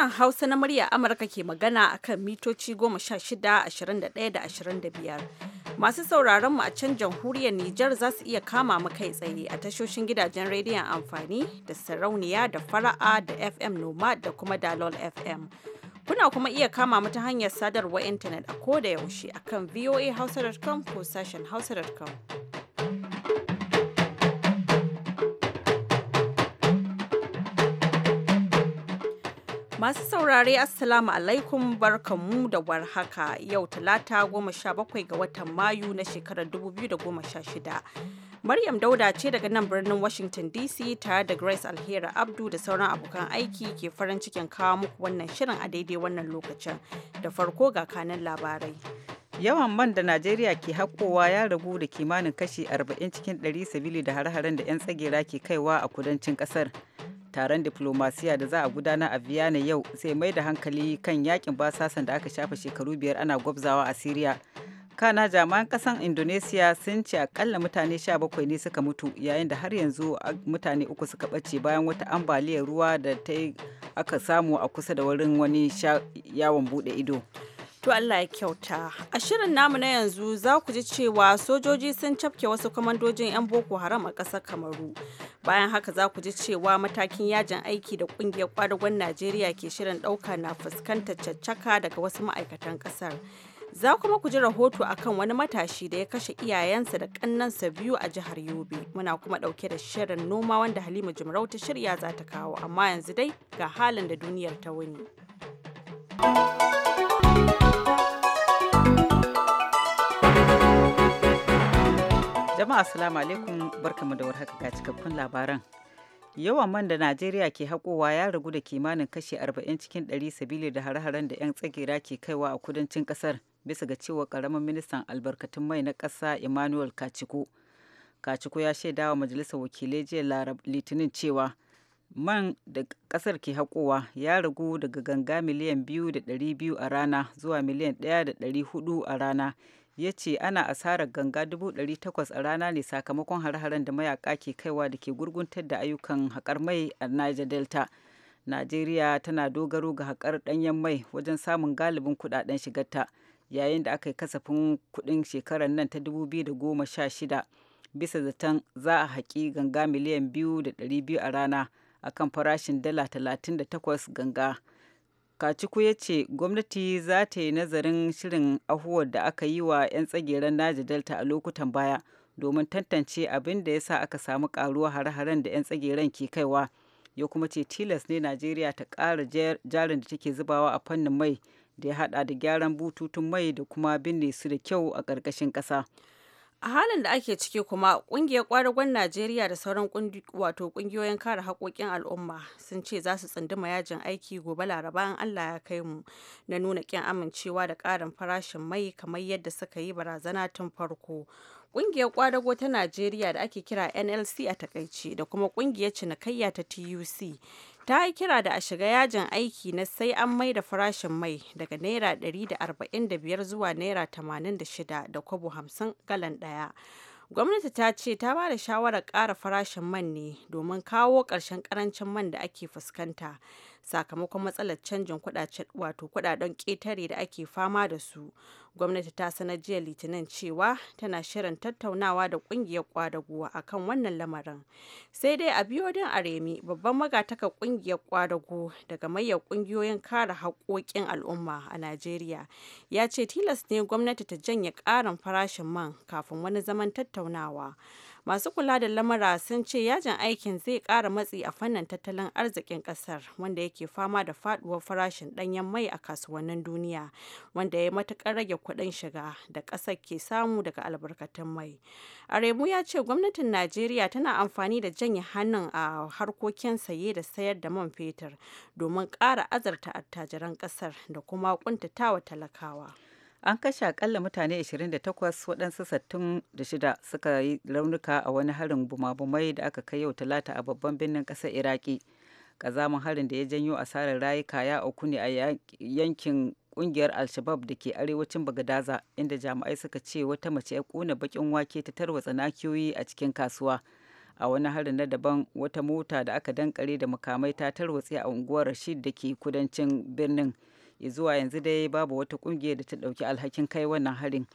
Sashen Hausa na murya Amurka ke magana a kan mitoci 16, 21 da 25. Masu sauraron mu a can jamhuriyar Nijar za su iya kama mu kai tsaye a tashoshin gidajen rediyon amfani da sarauniya da fara'a da FM Nomad da kuma Dalol FM. Kuna kuma iya kama mu ta hanyar sadarwar intanet a koda yaushe akan voahausa.com ko sashen hausa.com. Masu saurare Assalamu alaikum barkanmu da warhaka yau talata goma sha bakwai ga watan Mayu na shekarar 2016. Maryam Dauda ce daga nan birnin Washington DC tare da Grace Alhera Abdu da sauran abokan aiki ke farin cikin kawo muku wannan shirin a daidai wannan lokacin. Da farko ga kanan labarai. Yawan man da Najeriya ke hakowa ya ragu da kimanin kashi 40 cikin 100 sabili da har haren da 'yan tsagera ke kaiwa a kudancin ƙasar. taron diplomasiya da za a gudana a Vienna yau sai mai da hankali kan yakin basasan da aka shafa shekaru biyar ana gwabzawa a Siriya. Kana jami'an kasan Indonesia sun ce akalla mutane 17 ne suka mutu yayin da har yanzu mutane uku suka ɓace bayan wata ambaliyar ruwa da ta aka samu a kusa da wurin wani yawon buɗe ido. To Allah ya kyauta. A shirin namu na yanzu za ku ji cewa sojoji sun cafke wasu kwamandojin 'yan Boko Haram a ƙasar Kamaru. Bayan haka za ku ji cewa matakin yajin aiki da ƙungiyar kwadagon Najeriya ke shirin ɗauka na fuskantar caccaka daga wasu ma'aikatan ƙasar. Za kuma ku ji rahoto akan wani matashi da ya kashe iyayensa da ƙannansa biyu a jihar Yobe. Muna kuma ɗauke da shirin noma wanda Halima Jumrau ta shirya za ta kawo, amma yanzu dai ga halin da duniyar ta wuni. Jama'a assalamu alaikum barkamu da warhaka ga cikakkun labaran. Yawan man da Najeriya ke hakowa ya ragu da kimanin kashe 40 cikin 100 sabili da hare-haren da 'yan tsagera ke kaiwa a kudancin kasar bisa ga cewa ƙaramin ministan albarkatun mai na kasa Emmanuel Kaciko. Kaciko ya shaida wa majalisar wakilai jiya Litinin cewa man da kasar ke hakowa ya ragu daga ganga miliyan biyu da ɗari biyu a rana zuwa miliyan ɗaya da ɗari hudu a rana ya ce ana asarar ganga 800 a rana ne sakamakon har-haren da mayaka ke kaiwa da ke gurguntar da ayyukan haƙar mai a niger delta najeriya tana dogaro ga haƙar ɗanyen mai wajen samun galibin kuɗaɗen shigarta yayin da aka yi kasafin kuɗin shekarar nan ta 2016 bisa zaton za a haƙi ganga miliyan 2.2 a rana akan farashin dala 38 ganga kaciku ya ce gwamnati za ta yi nazarin shirin ahuwar da aka yi wa 'yan tsageren naji delta a lokutan baya domin tantance abin da ya sa aka samu karuwa hare-haren da 'yan tsageren ke kaiwa ya kuma ce tilas ne najeriya ta ƙara jarin da take zubawa a fannin mai da ya hada da gyaran bututun mai da kuma binne su da kyau a ƙarƙashin ƙasa. a halin da ake ciki kuma kungiyar kwadagon najeriya da sauran wato kungiyoyin kare haƙoƙin al'umma sun ce za su tsunduma yajin aiki gobe laraba in allah ya kai mu na nuna ƙin amincewa da ƙarin farashin mai kamar yadda suka yi barazana tun farko kungiyar kwadago ta najeriya da ake kira nlc a takaice da kuma kungiyar cinikayya ta tuc ta yi kira da a shiga yajin aiki na sai an mai da farashin mai daga naira 145 zuwa naira 86 da kwabo 50 galan daya gwamnati ta ce ta ba da shawarar ƙara farashin man ne domin kawo ƙarshen ƙarancin man da ake fuskanta sakamakon matsalar canjin wato kudaden ƙetare da ake fama da su gwamnati ta sanar jiya litinin cewa tana shirin tattaunawa da kungiyar a akan wannan lamarin sai dai a biyo din aremi babban magataka kungiyar kwadago daga mayar kungiyoyin kare haƙoƙin al'umma a najeriya ya ce tilas ne gwamnati ta janye ƙarin farashin man kafin wani zaman tattaunawa masu kula da lamura sun ce yajin aikin zai ƙara matsi a fannin tattalin arzikin ƙasar wanda yake fama da faduwar farashin ɗanyen mai a kasuwannin duniya wanda ya matukar rage kuɗin shiga da ƙasar ke samu daga albarkatun mai aremu ya ce gwamnatin najeriya tana amfani da janye hannun a harkokin saye da sayar da man fetur domin ƙara azarta attajiran ƙasar da kuma ƙuntatawa talakawa an kashe akalla mutane 28 waɗansu sattun shida suka yi raunuka a wani harin bumabumai da aka kai yau talata a babban birnin ƙasar iraki ƙazamin harin da ya janyo asarar rayuka ya auku ne a yankin ƙungiyar alshabab da ke arewacin bagadaza inda jami'ai suka ce wata mace ya ƙuna baƙin wake ta tarwatsa nakiyoyi a cikin kasuwa a wani harin na daban wata mota da aka dankare da mukamai ta tarwatse a unguwar rashid da ke kudancin birnin zuwa yanzu dai babu wata kungiyar da ta dauki alhakin kai wannan harin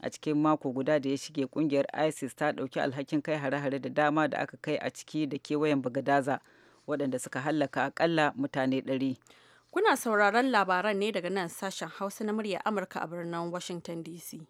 a cikin mako guda da ya shige kungiyar isis ta dauki alhakin kai hare-hare da dama da aka kai a ciki da kewayen bagadaza waɗanda suka hallaka akalla mutane ɗari. kuna sauraron labaran ne daga nan sashen hausa na murya amurka a birnin washington dc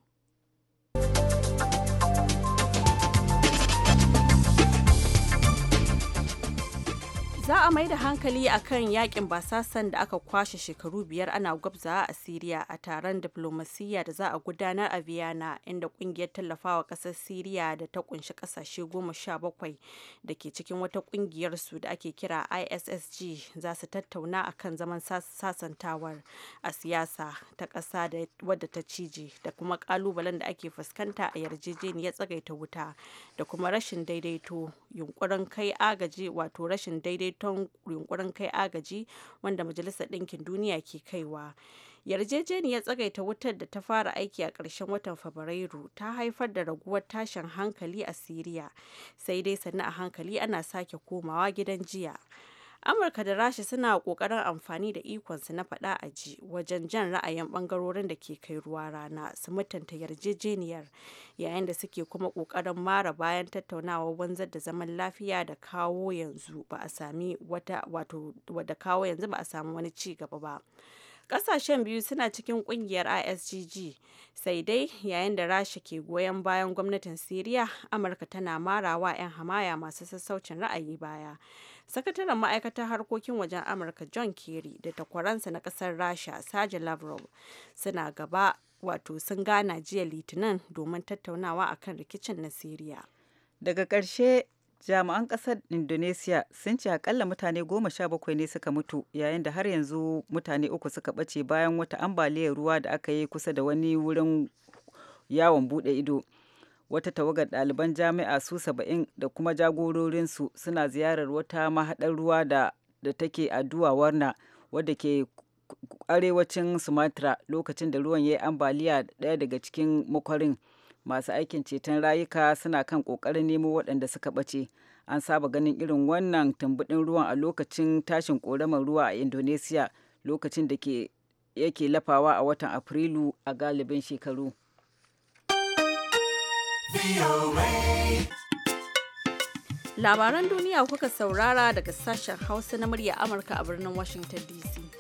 Za a mai da hankali a kan yakin basasan da aka kwashe shekaru biyar ana gwabza a Siriya a taron diflomasiyya da za a gudanar a viyana inda kungiyar tallafawa kasar Siriya da ta kunshi kasashe goma sha bakwai da ke cikin wata kungiyar su da ake kira ISSG za su tattauna a kan zaman sasantawar a siyasa ta kasa da wadda ta cije da kuma kalubalen da ake fuskanta a yarjejeniyar tsagaita wuta da kuma rashin daidaito yunkurin kai agaji wato rashin daidaito rahoton yunkurin kai agaji wanda majalisar ɗinkin duniya ke kaiwa yarjejeniyar tsagaita wutar da ta fara aiki a ƙarshen watan fabrairu ta haifar da raguwar tashin hankali a siriya sai dai sannu a hankali ana sake komawa gidan jiya amurka da rasha suna kokarin amfani da ikonsu na faɗa a ji wajen jan ra'ayin ɓangarorin da ke kai ruwa rana su mutunta yarjejeniyar yayin da suke kuma kokarin mara bayan tattaunawa wanzar da zaman lafiya da kawo yanzu ba a sami wata wato kawo yanzu ba a sami wani ci gaba ba Ƙasashen biyu suna cikin ƙungiyar ISGG, sai dai yayin da Rasha ke goyon bayan gwamnatin Siriya, Amurka tana marawa 'yan hamaya masu sassaucin ra'ayi baya. Sakataren ma'aikatar harkokin wajen Amurka John Kerry da takwaransa na ƙasar Rasha, Sergey Lavrov, suna gaba wato sun gana jiya Litinin domin tattaunawa akan rikicin na Siriya. Daga ƙarshe jami'an ƙasar indonesiya sun ce akalla mutane goma sha bakwai ne suka mutu yayin da har yanzu mutane uku suka ɓace bayan wata ambaliyar ruwa da aka yi kusa da wani wurin yawon buɗe ido wata tawagar ɗaliban jami'a su saba'in da kuma jagororinsu suna ziyarar wata mahaɗar ruwa da da take a warna wadda ke arewacin sumatra lokacin da ruwan ya yi ambaliya ɗaya daga cikin makwarin masu aikin ceton rayuka suna kan ƙoƙarin nemo waɗanda suka ɓace an saba ganin irin wannan tambudin ruwan a lokacin tashin ƙoramar ruwa a indonesiya lokacin da yake lafawa a watan afrilu a galibin shekaru labaran duniya kuka saurara daga sashen hausa na murya amurka a birnin washington dc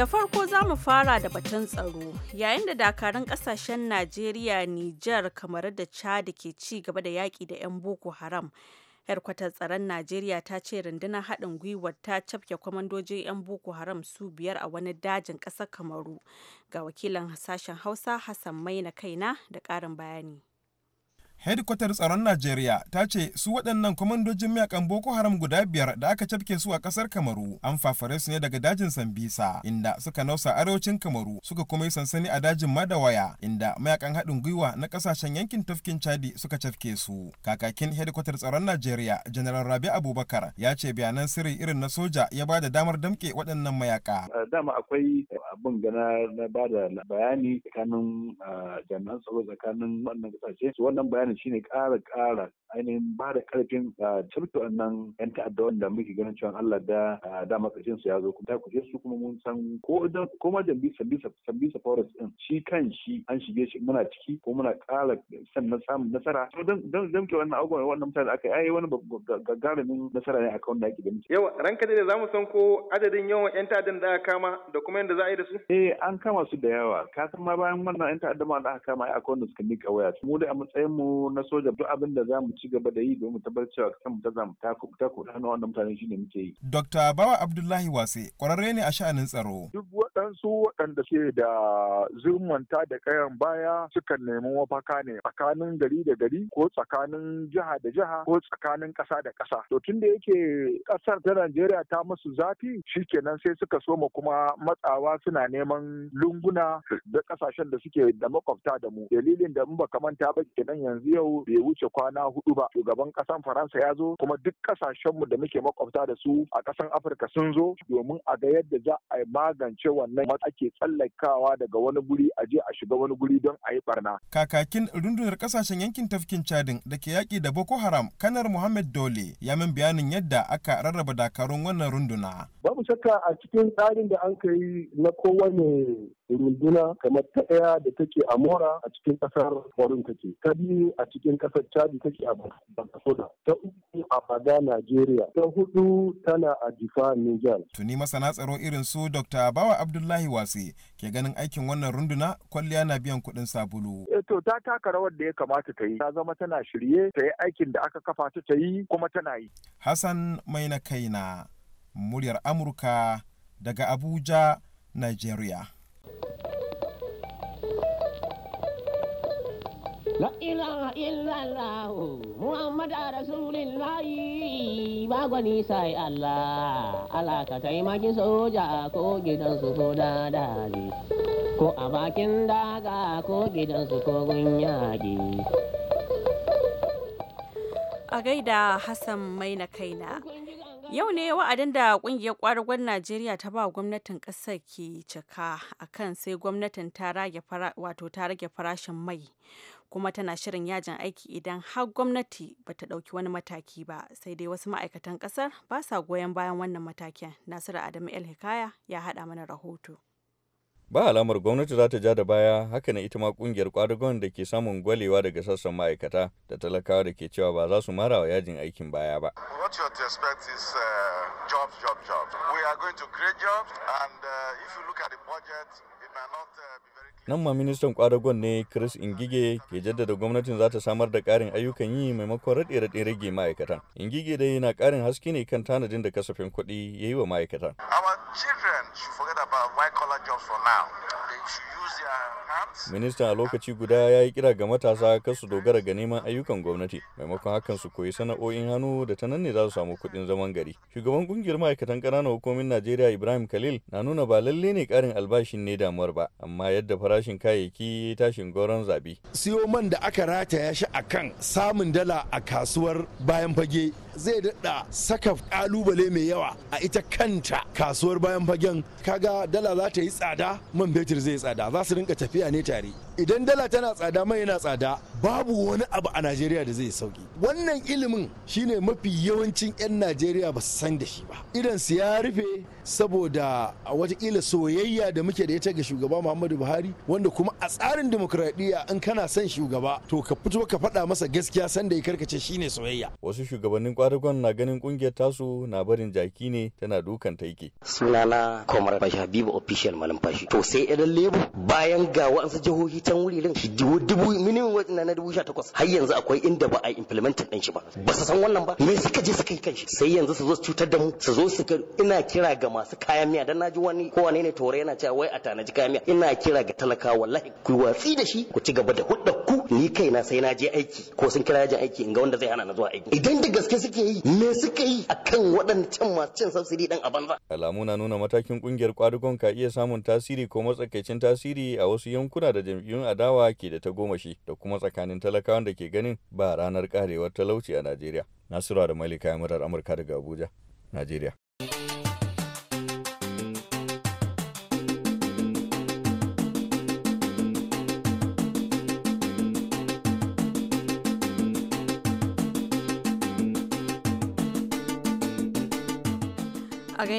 Da farko za mu fara da batun tsaro yayin da dakarun kasashen Najeriya, Nijar, kamar da Chad ke ci gaba da yaƙi da 'yan Boko Haram. Yarkwatar tsaron Najeriya ta ce rundunar haɗin gwiwar ta cafke kwamandojin 'yan Boko Haram su biyar a wani dajin ƙasar Kamaru. Ga wakilan sashen Hausa Hassan Maina kaina da ƙarin bayani. hedikwatar tsaron najeriya ta ce su waɗannan kwamandojin mayakan boko haram guda biyar da aka cafke su a ƙasar kamaru an fafare su ne daga dajin sambisa inda suka nausa arewacin kamaru suka kuma yi sansani a dajin madawaya inda mayakan haɗin gwiwa na ƙasashen yankin tafkin chadi suka cafke su kakakin hedikwatar tsaron najeriya general rabi abubakar ya ce bayanan sirri irin na soja ya ba da damar damƙe waɗannan mayaka. dama akwai abin gana na ba bayani tsakanin ah, jami'an tsaro tsakanin wannan ƙasashe su wannan bayani wannan shine ƙara ƙara ainihin ba da ƙarfin cirka wannan yan ta'adda wanda muke ganin cewa Allah da da matsayin su ya zo kuma ku kuce su kuma mun san ko idan ko ma da bisa bisa bisa forest din shi kan shi an shige shi muna ciki ko muna ƙara na samu nasara to dan dan dan ke wannan abubuwan wannan mutane da aka yi wani gagarumin nasara ne akan wanda ake ganin yawa ranka da zamu san ko adadin yawan yan ta'addan da aka kama da kuma yanda za a yi da su eh an kama su da yawa ka san ma bayan wannan yan ta'addan da aka kama ai akwai wanda suka mika waya mu dai a matsayin mu na soja duk abin da za mu ci gaba da yi domin tabbatar cewa kanmu ta zamu ta ku ta ku wannan mutane shine muke yi. Dr. Bawa Abdullahi Wase kwararre ne a sha'anin tsaro. Duk waɗansu waɗanda ke da zurmanta da kayan baya sukan nemi mafaka ne tsakanin gari da gari ko tsakanin jiha da jiha ko tsakanin ƙasa da ƙasa. To tun da yake ƙasar ta Najeriya ta musu zafi shikenan sai suka soma kuma matsawa suna neman lunguna da ƙasashen da suke da makwabta da mu. Dalilin da in baka manta ba kenan yanzu yau bai wuce kwana hudu ba shugaban kasan faransa ya zo kuma duk kasashenmu da muke makwabta da su a kasan afirka sun zo domin a ga yadda za a magance wannan ake tsallakawa daga wani guri a je a shiga wani guri don a yi barna kakakin rundunar kasashen yankin tafkin chadin da ke yaƙi da boko haram kanar muhammad dole ya min bayanin yadda aka rarraba dakarun wannan runduna babu shakka a cikin tsarin da an kai na kowane runduna kamar ta ɗaya da take a mora a cikin ƙasar warin take ta biyu a cikin ƙasar chadi take a bakasoda ta uku a fada nigeria ta hudu tana a jifa niger tuni masana tsaro irin su dr bawa abdullahi wase ke ganin aikin wannan runduna kwalliya na biyan kuɗin sabulu eh, to ta taka rawar da ya kamata ta yi ta zama tana shirye ta yi aikin da aka kafa ta ta yi kuma tana yi hassan mai na kaina muryar amurka daga abuja nigeria La ilaha illallah Muhammad Rasulullah ba gwani sai Allah Allah ka taimaki soja ko gidansu ko dadali ko a bakin daga ko gidansu ko gunyaji a gaida Hassan Maina kaina Yau ne wa'adin da kungiyar kwadagon Najeriya ta ba gwamnatin kasar ke cika akan sai gwamnatin ta rage farashin mai kuma tana shirin yajin aiki idan har gwamnati ba ta ɗauki wani mataki ba sai dai wasu ma'aikatan kasar ba sa goyon bayan wannan matakin Nasiru Adamu El Hikaya ya haɗa mana rahoto. ba alamar gwamnati za ta ja da baya haka na ita ma kungiyar kwadagon da ke samun gwalewa daga sassan ma'aikata da talakawa da ke cewa ba za su mara wa yajin aikin baya ba. What Nan ma ministan kwadagon ne Chris Ingige ke jaddada gwamnatin za ta samar da karin ayyukan yi maimakon raɗe raɗe rage ma'aikatan. Ingige dai na ƙarin haske ne kan tanadin da kasafin kuɗi ya yi wa ma'aikatan. Ministan a lokaci guda ya yi kira ga matasa kar su dogara ga neman ayyukan gwamnati maimakon hakan su koyi sana'o'in hannu da ta nan ne za su samu kuɗin zaman gari. Shugaban kungiyar ma'aikatan ƙananan hukumomin Najeriya Ibrahim Khalil na nuna ba lalle ne ƙarin albashin ne damuwa damuwar ba amma yadda farashin kayayyaki tashin goron zabi siyo man da aka rataya shi akan samun dala a kasuwar bayan fage zai daɗa saka kalubale mai yawa a ita kanta kasuwar bayan fagen kaga dala za ta yi tsada man betur zai tsada za su rinka tafiya ne tare idan dala tana tsada mai yana tsada babu wani abu a najeriya da zai sauki wannan ilimin shine mafi yawancin 'yan najeriya ba su san da shi ba idan su ya rufe saboda a watakila soyayya da muke da ita ga shugaba muhammadu buhari wanda kuma a tsarin demokradiyya in kana son shugaba to ka fito ka faɗa masa gaskiya sanda ya karkace shine soyayya wasu shugabannin Barugon na ganin kungiyar tasu na barin jaki ne tana dukan taike. Sunana Komar Basha Biba official Fashi. To sai idan lebu bayan ga wa'ansu jihohi can wuririn dubu minimum wajen na dubu sha takwas har yanzu akwai inda ba a implementin ɗin shi ba. Ba su san wannan ba me suka je suka yi kanshi sai yanzu su zo su cutar da mu su zo su ina kira ga masu kayan miya dan naji wani ko wane ne tore yana cewa wai a tanaji kayan miya ina kira ga talakawa wallahi ku watsi da shi ku ci gaba da hudda ku ni kaina sai na je aiki ko sun kira yajin aiki in ga wanda zai hana na zuwa aiki idan da gaske suke yi me suke yi akan waɗancan masu cin subsidy din a banza alamu na nuna matakin kungiyar kwadugon ka iya samun tasiri ko matsakaicin tasiri a wasu yankuna da jam'iyyun adawa ke da ta gomashi da kuma tsakanin talakawan da ke ganin ba ranar karewar talauci a Najeriya Nasiru da Malika Yamurar Amurka daga Abuja Najeriya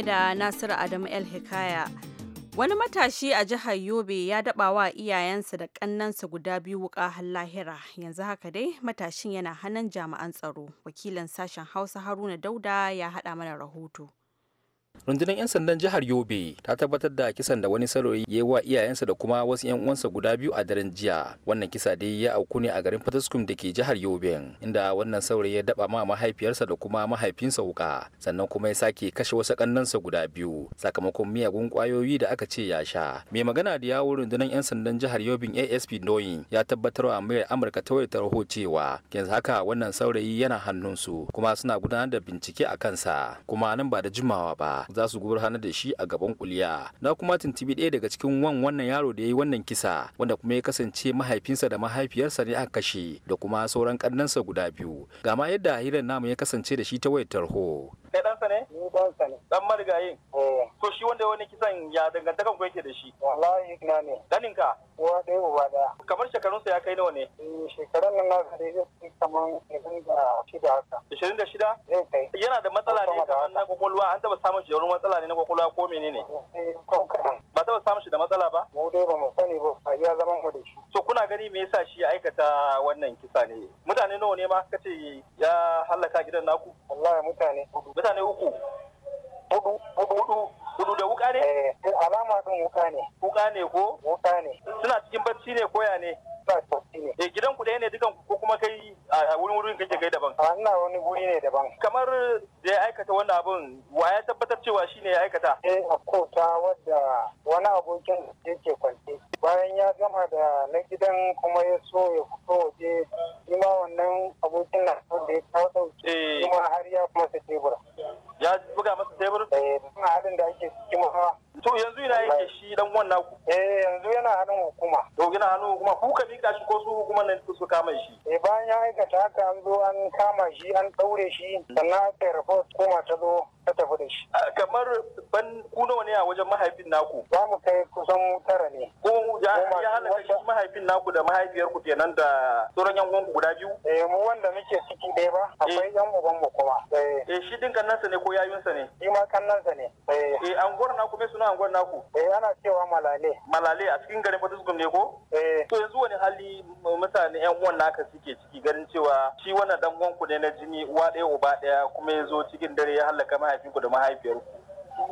da Nasiru Adamu El Hikaya. Wani matashi a jihar Yobe ya daba wa iyayensa da ƙannansa guda biyu wuƙa har lahira. Yanzu haka dai matashin yana hannun jami'an tsaro. Wakilan sashen Hausa Haruna Dauda ya haɗa mana rahoto. rundunar 'yan sandan jihar yobe ta tabbatar da kisan da wani saurayi ya yi wa iyayensa da kuma wasu 'yan uwansa guda biyu a daren jiya wannan kisa dai ya auku ne a garin fataskum da ke jihar yobe inda wannan saurayi ya daba ma mahaifiyarsa da kuma mahaifinsa wuka sannan kuma ya sake kashe wasu kannansa guda biyu sakamakon miyagun kwayoyi da aka ce ya sha mai magana da yawon rundunar 'yan sandan jihar yobe asp noyin ya tabbatar wa muryar amurka ta wayar tarho cewa yanzu haka wannan saurayi yana hannunsu kuma suna gudanar da bincike a kansa kuma nan ba da jimawa ba za su gurfanar da shi a gaban kuliya na kuma tuntubi ɗaya daga cikin wan wannan yaro da ya yi wannan kisa wanda kuma ya kasance mahaifinsa da mahaifiyarsa ne aka kashe da kuma sauran ƙannansa guda biyu ga ma yadda hirar namu ya kasance da shi ta wayar tarho kai ɗansa ne? Ni ɗansa ne. Ɗan marigayin? ko eh. shi wanda wani kisan ya dangantakan ku yake da shi? Wallahi ina ne. Ɗaninka? uwa yau uba ɗaya. Kamar shekarunsa ya kai nawa ne? Eh, Shekarun nan na zai zai kamar ishirin da shida haka. Ishirin da shida? Zai kai. Yana da matsala ne kamar na kwakwalwa an taɓa samun shi da wani matsala ne na kwakwalwa ko menene? Eh, ba taɓa samun shi da matsala ba? Mu dai ba mu sani ba ya zama mu da shi. So kuna gani me yasa shi ya aikata wannan kisa ne? Mutane nawa ne ma kace ya hallaka gidan naku? Wallahi mutane. Mutane uku. budu budu da wuka ne eh, eh alama din wuka ne wuka ne ko wuka ne suna cikin bacci ne ko ya ne Eh gidan ku ɗaya ne dukan ko kuma kai a wurin wurin kake kai daban. A ina wani guri ne daban. Kamar da ya aikata wannan abun wa ya tabbatar cewa shi ne ya aikata? Eh a kota wadda wani abokin ke kwance. Bayan ya gama da na gidan kuma ya so ya fito waje shi ma wannan abokin na so da ya kawo ɗauki. Eh. Kuma har ya kuma sa tebura. ya buga masa tebur? eh suna halin da ake suke mafa to yanzu yana yake shi dan wannan ku eh yanzu yana hannun hukuma to yana hannun hukuma ku ka mika shi ko su hukumar nan su kama shi eh bayan ya aikata haka an zo an kama shi an ɗaure shi sannan aka yi report koma ta zo ta tafi da shi. Kamar ban Kuno ne a wajen mahaifin naku? Za mu kai kusan tara ne. Ko ya halaka shi mahaifin naku da mahaifiyar ku kenan da sauran yan uwanku guda biyu? Eh mu wanda muke ciki ɗaya ba eh. akwai yan uban mu kuma. Eh. eh shi din nansa ne ko yayunsa ne? Shi ma nansa ne. Eh. eh anguwar naku me suna anguwar naku? Eh ana cewa malale. Malale a cikin garin Fatuskum ne ko? Eh. To yanzu wani hali mutane yan uwan naka suke ciki ganin cewa shi wannan dan uwanku ne na jini uwa ɗaya uba ɗaya kuma ya zo cikin dare ya halaka mahaifinku da mahaifiyarku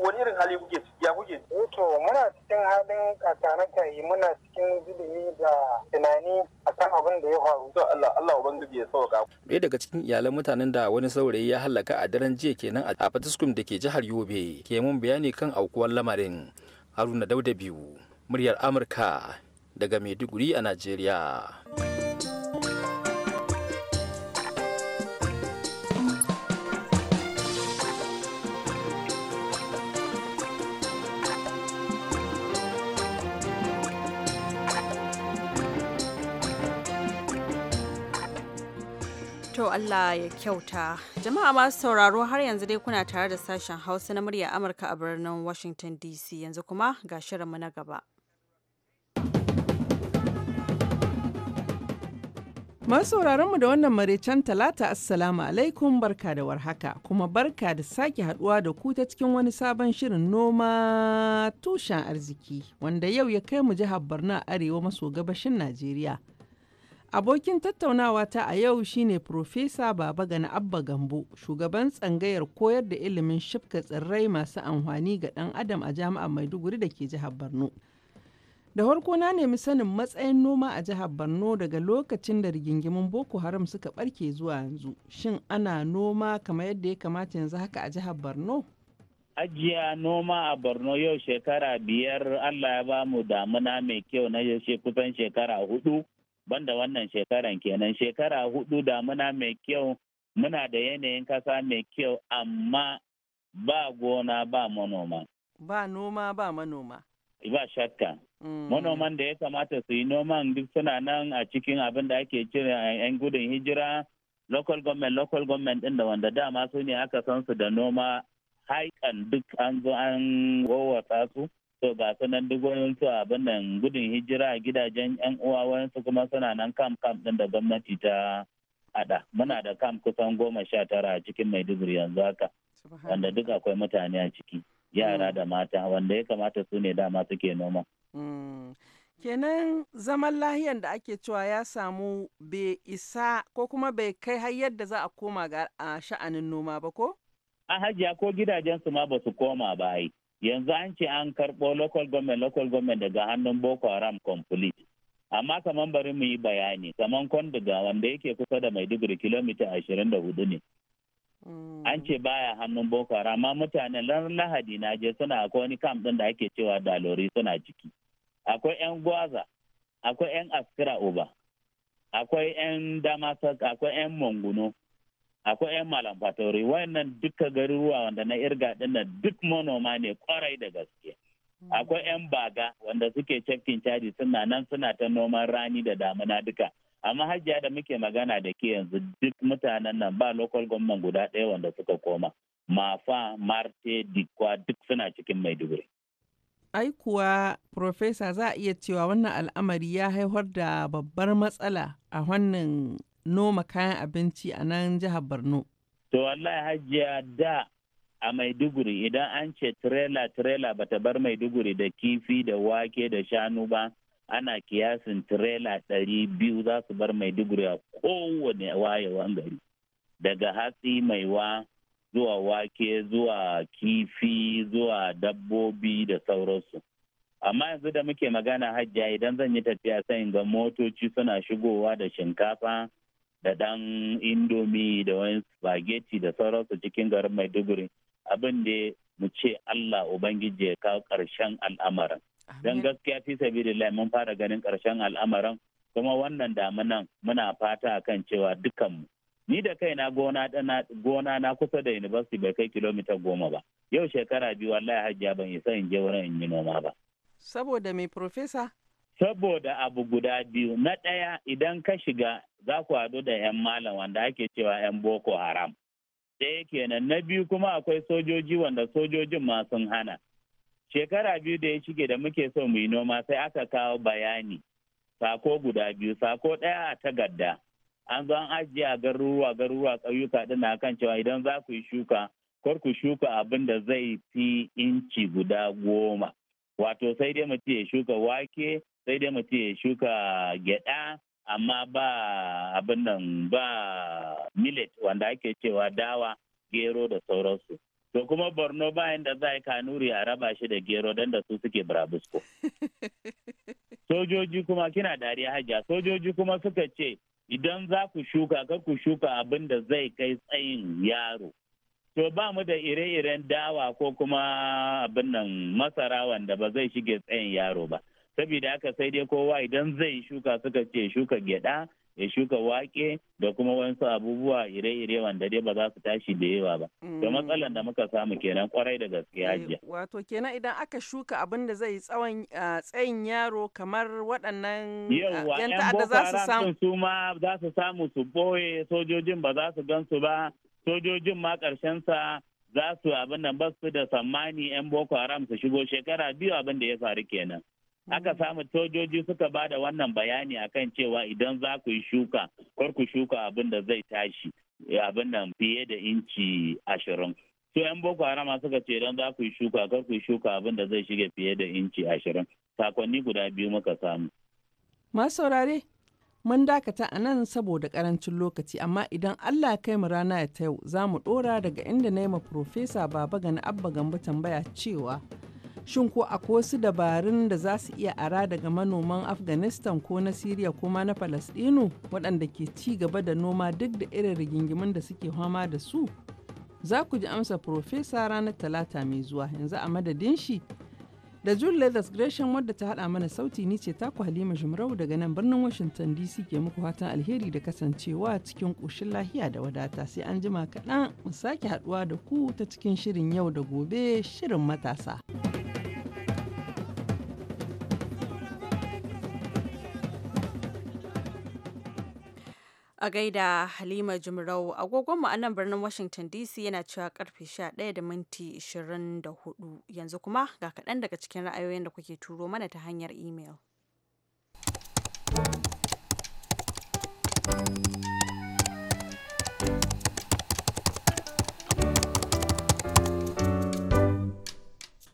wani irin hali kuke ya kuke eh to muna cikin halin kakanaka yi muna cikin zilimi da tunani akan abin da ya faru to Allah Allah ubangiji ya sauka ɗaya daga cikin iyalan mutanen da wani saurayi ya halaka a daren jiya kenan a Fatiskum da ke jihar Yobe ke mun bayani kan aukuwar lamarin Haruna Dauda biyu muryar Amurka daga Maiduguri a Najeriya. kyau Allah ya kyauta. Jama'a masu sauraro har yanzu dai kuna tare da sashen Hausa na murya Amurka a birnin Washington DC yanzu kuma ga shirinmu na gaba. Masu mu da wannan maraicen talata assalamu alaikum barka da warhaka kuma barka da sake haduwa da ku ta cikin wani sabon shirin noma tushen arziki wanda yau ya kai mu jihar Borno arewa maso gabashin Najeriya. Abokin tattaunawa ta a yau shine Profesa baba na Abba Gambo, shugaban tsangayar koyar da ilimin shifka tsirrai masu amfani ga ɗan adam a jami'ar Maiduguri da ke jihar Borno. Da farko na nemi sanin matsayin noma a jihar Borno daga lokacin da rigingimin Boko Haram suka ɓarke zuwa yanzu. Shin ana noma kamar yadda ya kamata yanzu haka a jihar Borno? ajiya noma a borno yau shekara biyar allah ya ba mu damuna mai kyau na kusan shekara hudu banda wannan shekaran kenan shekara hudu damuna mai kyau muna da yanayin kasa mai kyau amma ba gona ba manoma ba noma ba manoma ba shakka mm. manoman da ya kamata su yi noman duk suna nan a cikin abin da ake cire yan gudun hijira local government local government din da wanda dama su ne aka san su da noma haikan duk an zo an wawata su to ga sanan duk wani su abin nan gudun hijira a gidajen yan uwa wayansu kuma suna nan kam kam din da gwamnati ta hada muna da kam kusan goma sha tara a cikin maiduguri yanzu haka wanda duk akwai mutane a ciki yara mm. da mata wanda ya kamata su ne dama suke noma mm. kenan zaman lahiyan da ake cewa ya samu bai isa ko kuma bai kai har yadda za a koma ga sha'anin noma ba ko? a hajiya ko gidajen su ma ba su koma ba yi yanzu an ce an karɓo local government local government daga hannun boko haram complete amma kamar bari mu yi bayani kaman kwan daga wanda yake kusa da mai maiduguri kilomita ashirin da hudu ne mm. an ce baya hannun boko haram amma mutanen ran lahadi na je suna akwai wani kam din da ake cewa dalori suna ciki akwai yan gwaza akwai yan askira uba akwai yan damasak akwai yan manguno akwai 'yan malam fatori wayannan duka garuruwa wanda na irga dinnan duk manoma ne kwarai da gaske akwai 'yan baga wanda suke cafkin caji suna nan suna ta noman rani da damuna duka amma hajjiya da muke magana da ke yanzu duk mutanen nan ba local government guda ɗaya wanda suka koma mafa marte dikwa duk suna cikin maiduguri ai kuwa profesa za a iya cewa wannan al'amari ya haifar da babbar matsala a wannan noma kayan abinci a nan jihar Borno? To wallahi hajiya da a Maiduguri idan an ce tirela tirela bata bar Maiduguri da kifi da wake da shanu ba ana kiyasin tirela ɗari biyu za su bar Maiduguri a kowane wayewan gari. Daga hatsi maiwa zuwa wake zuwa kifi zuwa dabbobi da sauransu. amma yanzu da muke magana hajjiya idan zan yi tafiya sai in ga motoci suna shigowa da shinkafa da ɗan indomi da wani spaghetti da sauransu cikin garin maiduguri abin da mu ce allah ubangiji ya kawo karshen al'amarin don gaskiya fi da mun fara ganin karshen al'amarin kuma wannan damunan muna fata kan cewa dukanmu ni da kaina gona na kusa da university bai kai kilomita goma ba yau shekara biyu wallahi hajji ban isa in je wurin in yi noma ba saboda mai profesa saboda abu guda biyu na ɗaya idan ka shiga za ku haɗu da 'yan malam wanda ake cewa 'yan boko haram ɗaya kenan na biyu kuma akwai sojoji wanda sojojin ma sun hana shekara biyu da ya shige da muke so mu yi noma sai aka kawo bayani sako guda biyu sako ɗaya a takarda an zo an ajiye a garuruwa garuruwa ƙauyuka ɗin na kan cewa idan za ku yi shuka kar ku shuka abin da zai fi inci guda goma wato sai dai mu ya shuka wake sai dai mutum ya shuka gyada amma ba abin nan ba millet wanda ake cewa dawa gero da sauransu to kuma borno bayan da za a kanuri a raba shi da gero don da su suke brabusko sojoji kuma kina dariya hajiya sojoji kuma suka ce idan za ku shuka kar ku shuka abin da zai kai tsayin yaro to ba mu da ire-iren dawa ko kuma abin nan masara wanda ba zai shige tsayin yaro ba saboda aka sai dai kowa idan zai shuka suka ce shuka gyada ya shuka wake da kuma wasu abubuwa ire-ire wanda dai ba za su tashi da yawa ba da mm. matsalan da muka samu kenan kwarai da gaske eh, hajiya wato kenan idan aka shuka abin da zai tsawon tsayin yaro kamar waɗannan yan ta'adda za su samu su ma za su samu su boye sojojin ba za su gan ba sojojin ma ƙarshensa sa za su abin da ba su da tsammani yan boko haram su shigo shekara biyu abin da ya faru kenan aka mm. samu sojoji suka ba da wannan bayani akan cewa idan za ku yi shuka kar ku shuka abin da zai tashi abin nan fiye da inci ashirin to yan boko harama suka ce idan za ku yi shuka kar ku yi shuka abin da zai shige fiye da inci ashirin sakonni guda biyu muka samu masu saurare mun dakata a nan saboda karancin lokaci amma idan Allah kai mu rana ya ta yau za mu dora daga inda na yi ma Profesa Baba Gani Abba Gambo tambaya cewa Shin ko akwai wasu dabarun da za su iya ara daga manoman Afghanistan ko na syria ko ma na palestino waɗanda ke ci gaba da noma duk da irin rigingimun da suke fama da su? Za ku ji amsa Profesa ranar Talata mai zuwa yanzu a madadin shi. Da June Leathers Gresham wadda ta haɗa mana sauti ni ce taku Halima Jumrau daga nan birnin Washington DC ke muku fatan alheri da kasancewa cikin kushin lahiya da wadata sai an jima kaɗan mu sake haɗuwa da ku ta cikin shirin yau da gobe shirin matasa. A gaida Halima jimrau agogonmu a nan birnin Washington DC yana cewa karfe 11 da minti 24 yanzu kuma ga kaɗan daga cikin ra'ayoyin da kuke turo mana ta hanyar imel.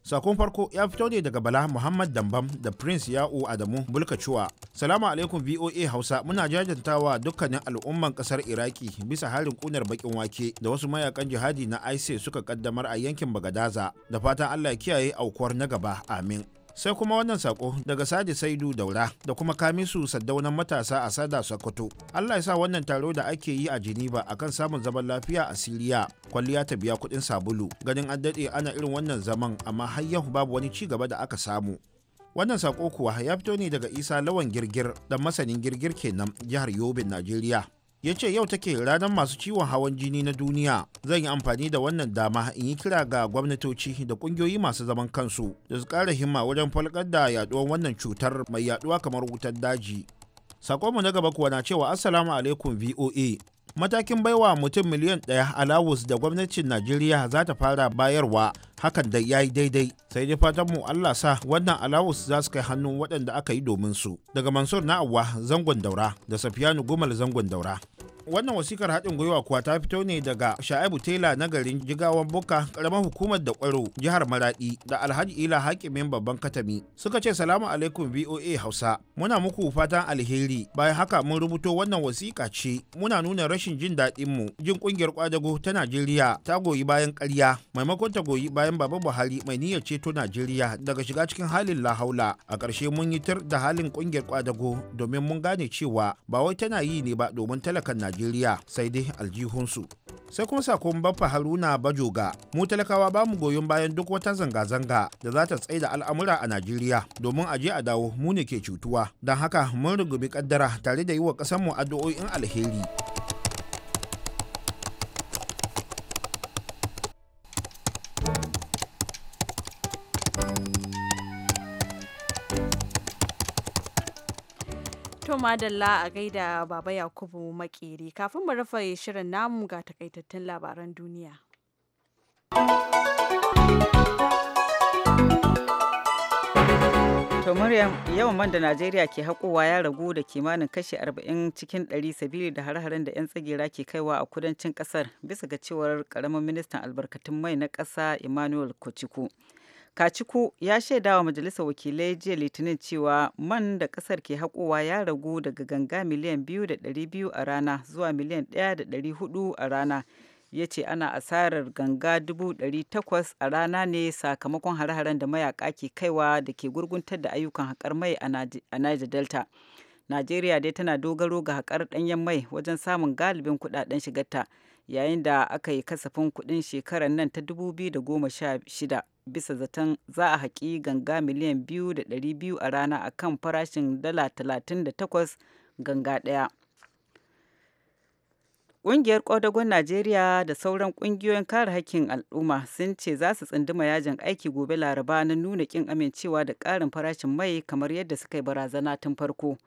sakon farko ya fito ne daga bala muhammad dambam da prince ya'u adamu bulkacuwa salamu alaikum voa hausa muna jajantawa dukkanin al'umman kasar iraki bisa halin kunar bakin wake da wasu mayakan jihadi na isis suka kaddamar a yankin bagadaza da fatan allah kiyaye aukuwar na gaba amin sai kuma wannan sako daga sadi saidu daura da kuma kamisu saddaunan matasa a sada sokoto allah ya sa wannan taro da ake yi a geneva kan samun zaman lafiya a siriya kwalliya ta biya kudin sabulu ganin an daɗe ana irin wannan zaman amma har yau babu wani ci gaba da aka samu wannan sako kuwa ya fito ne daga isa lawan girgir dan masanin girgir kenan jihar yobin najeriya ya ce yau take ranar masu ciwon hawan jini na duniya zan yi amfani da wannan dama in yi kira ga gwamnatoci da kungiyoyi masu zaman kansu da su kara himma wajen falkar da yaduwar wannan cutar mai yaduwa kamar wutar daji sakonmu na gaba kuwa na cewa assalamu alaikum voa matakin baiwa mutum miliyan ɗaya alawus da gwamnatin najeriya za ta fara bayarwa hakan da ya yi daidai sai dai fatan mu allah sa wannan alawus za su kai hannun waɗanda aka yi domin su daga mansur na'awa zangon daura da safiyanu gumal zangon daura wannan wasikar haɗin gwiwa kuwa ta fito ne daga sha'ibu tela na garin jigawan buka karamar hukumar da kwaro jihar maraɗi da alhaji ila hakimin babban katami suka ce salamu alaikum voa hausa muna muku fatan alheri bayan haka mun rubuto wannan wasika ce muna nuna rashin jin daɗin mu jin ƙungiyar kwadago ta najeriya ta goyi bayan ƙarya maimakon ta goyi bayan baba buhari mai niyyar ceto najeriya daga shiga cikin halin lahaula a ƙarshe mun yi tar da halin ƙungiyar kwadago domin mun gane cewa ba wai tana yi ne ba domin talakan najeriya najeriya sai dai aljihunsu sai kuma sakon baffa haruna bajoga mu talakawa ba mu goyon bayan duk wata zanga-zanga da za ta tsaida al'amura a najeriya domin aje a dawo mu ne ke cutuwa don haka mun rugubi kaddara tare da yi wa ƙasarmu addu'o'in alheri To madalla a gaida Baba Yakubu Makeri. Kafin mu rufe shirin namu ga takaitattun labaran duniya. To Maryam yawan man da Najeriya ke haƙowa ya ragu da kimanin kashi 40 cikin 100 sabili da har-haren da 'yan tsagera ke kaiwa a kudancin ƙasar bisa ga cewar ƙaramin ministan albarkatun mai na ƙasa Emmanuel Kochiko. kaciku ya shaida wa majalisar wakilai jiya litinin cewa man da kasar ke haƙowa ya ragu daga ganga miliyan biyu da ɗari biyu a rana zuwa miliyan ɗaya da ɗari hudu a rana ya ce ana asarar ganga dubu ɗari takwas a rana ne sakamakon hare-haren da mayaka ke kaiwa da ke gurguntar da ayyukan haƙar mai a niger delta najeriya dai tana dogaro ga haƙar ɗanyen mai wajen samun galibin kuɗaɗen shigarta yayin da aka yi kasafin kuɗin shekarar nan ta 2016 bisa zaton za a haƙi ganga miliyan biyu da ɗari biyu a rana a kan farashin dala talatin da takwas ganga ɗaya. Ƙungiyar ƙwadagon Najeriya da sauran ƙungiyoyin kare haƙƙin al'umma sun ce za su tsunduma yajin aiki gobe laraba na nuna ƙin amincewa da ƙarin farashin mai kamar yadda suka yi barazana tun farko.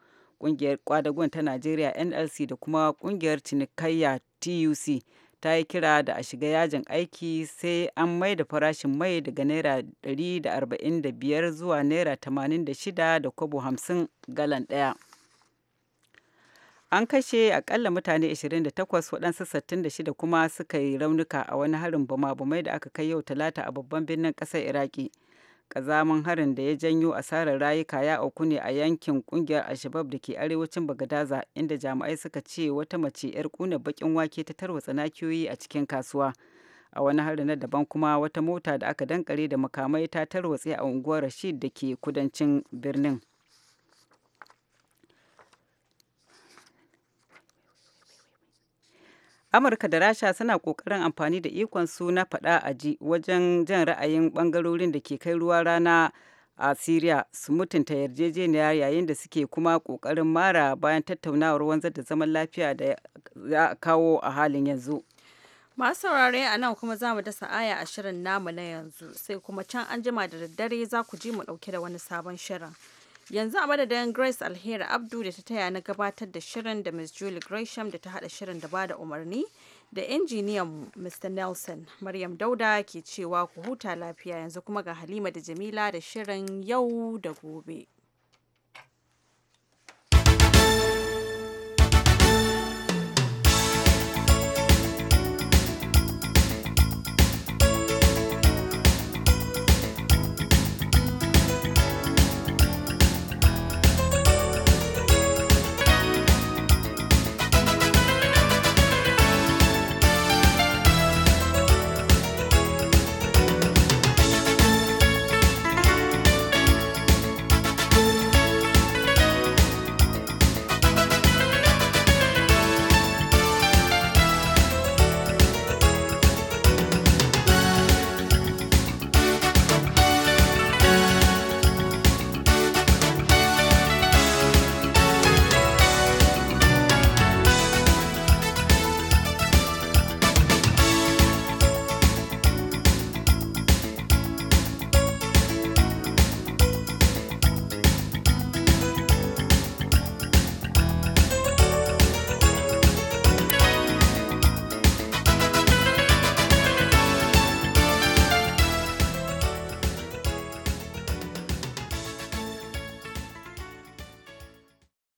Ƙungiyar ƙwadagon ta Najeriya NLC da kuma ƙungiyar cinikayya TUC ta yi kira da a shiga yajin aiki sai an mai da farashin mai daga naira 145 zuwa naira 86 da kwabo 50 galan ɗaya. an kashe akalla mutane 28 waɗansu 66 kuma suka yi raunuka a wani harin bama-bamai da aka kai yau talata a babban birnin ƙasar iraki Ƙazamin harin da ya janyo asarar rayuka ya auku ne a yankin kungiyar alshabab da ke arewacin bagadaza inda jami'ai suka ce wata mace 'yar ƙuna bakin wake ta tarwatsa nakiyoyi a cikin kasuwa a wani harin na daban kuma wata mota da aka dankare da makamai ta tarwatse a unguwar rashid da ke kudancin birnin amurka da rasha suna kokarin amfani da ikon su na faɗa a ji wajen jan ra'ayin bangarorin da ke kai ruwa rana a syria su mutunta yarjejeniya yayin da suke kuma kokarin mara bayan tattaunawar wanzar da zaman lafiya da ya kawo a halin yanzu masu saurare a nan kuma za mu dasa aya a shirin namu na yanzu sai kuma can an jima da daddare za ku ji mu ɗauke da wani sabon shirin. yanzu a madadin grace alheri abdu da ta taya na gabatar da shirin da miss julie gresham da ta hada shirin da bada umarni da injiniyan mr nelson maryam dauda ke cewa ku huta lafiya yanzu kuma ga halima da jamila da shirin yau da gobe